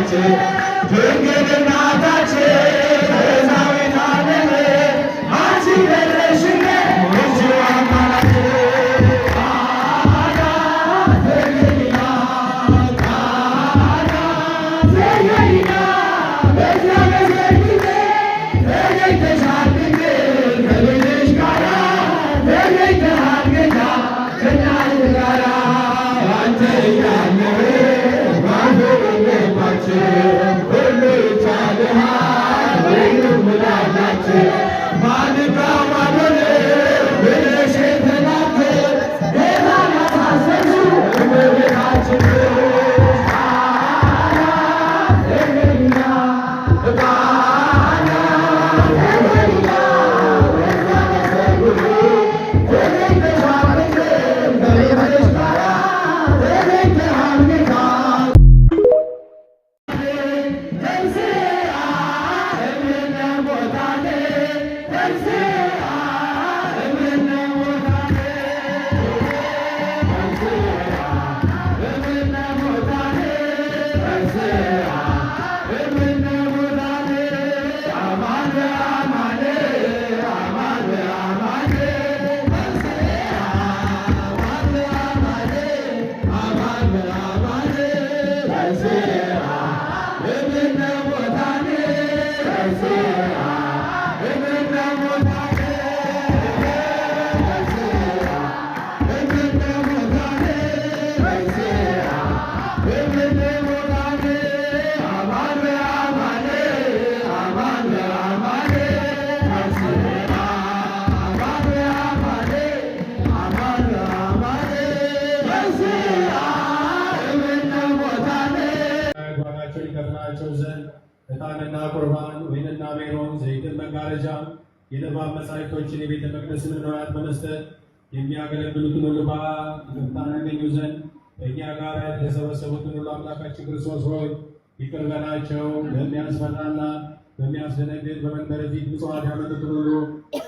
같이 등교를 Yeah. እጣንና ቁርባን ወይንና ቤሮን ዘይትን፣ መጋረጃ፣ የንባብ መጻሕፍቶችን የቤተ መቅደስን ንዋያት በመስጠት የሚያገለግሉትን ሁሉ በይቅርታን ያገኙ ዘንድ በእኛ ጋር የተሰበሰቡትን ሁሉ አምላካችን ክርስቶስ ሆይ ይቅር በላቸው። በሚያስፈራና በሚያስደነግጥ በመንበረ ፊት ምጽዋት ያመጡትን ሁሉ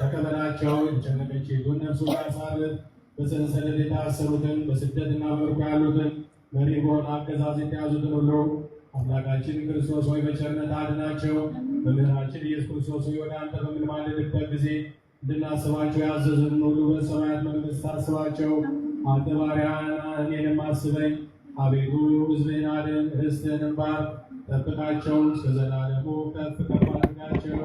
ተቀበላቸው። የተጨነቀች ይሁን ነፍሱ ያሳርፍ። በሰንሰለት የታሰሩትን በስደትና በምርኮ ያሉትን መሪ በሆነ አገዛዝ የተያዙትን ሁሉ አምላካችን ክርስቶስ ሆይ በቸርነት አድናቸው። በምድራችን ኢየሱስ ክርስቶስ ሆይ ወደ አንተ በምንማልድበት ጊዜ እንድናስባቸው ያዘዝን ሁሉ በሰማያት መንግስት አስባቸው። አንተ ባሪያህን እኔንም አስበኝ። አቤቱ ሕዝብህን አድን፣ ርስትህንም ባርክ፣ ጠብቃቸው፣ እስከ ዘላለሙ ከፍ ከፍ አድርጋቸው።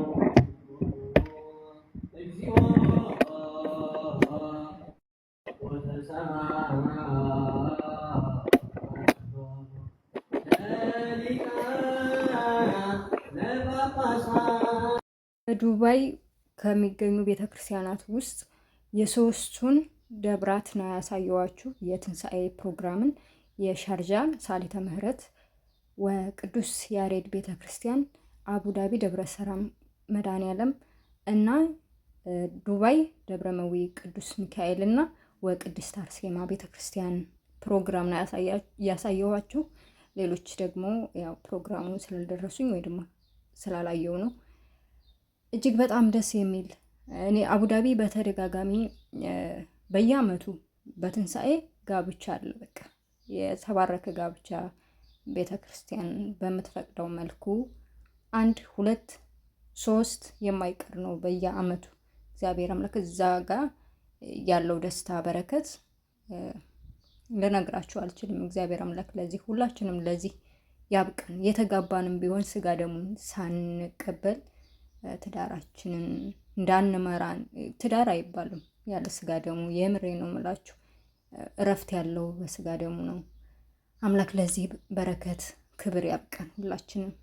በዱባይ ከሚገኙ ቤተክርስቲያናት ውስጥ የሶስቱን ደብራት ነው ያሳየዋችሁ። የትንሣኤ ፕሮግራምን የሻርጃ ሳሊተ ምህረት ወቅዱስ ያሬድ ቤተ ክርስቲያን፣ አቡዳቢ ደብረ ሰላም መድኃኔዓለም እና ዱባይ ደብረ መዊ ቅዱስ ሚካኤል እና ወቅድስት አርሴማ ቤተ ክርስቲያን ፕሮግራም ነው ያሳየኋችሁ። ሌሎች ደግሞ ያው ፕሮግራሙ ስላልደረሱኝ ወይ ደግሞ ስላላየው ነው እጅግ በጣም ደስ የሚል እኔ አቡዳቢ በተደጋጋሚ በየአመቱ በትንሣኤ ጋብቻ አለ። በቃ የተባረከ ጋብቻ ቤተ ክርስቲያን በምትፈቅደው መልኩ አንድ ሁለት ሶስት የማይቀር ነው በየአመቱ። እግዚአብሔር አምላክ እዛ ጋር ያለው ደስታ በረከት ልነግራችሁ አልችልም። እግዚአብሔር አምላክ ለዚህ ሁላችንም ለዚህ ያብቃን። የተጋባንም ቢሆን ስጋ ደሙን ሳንቀበል ትዳራችንን እንዳንመራን ትዳር አይባልም ያለ ስጋ ደግሞ የምሬ ነው የምላችሁ። እረፍት ያለው በስጋ ደግሞ ነው። አምላክ ለዚህ በረከት ክብር ያብቀን ሁላችንም።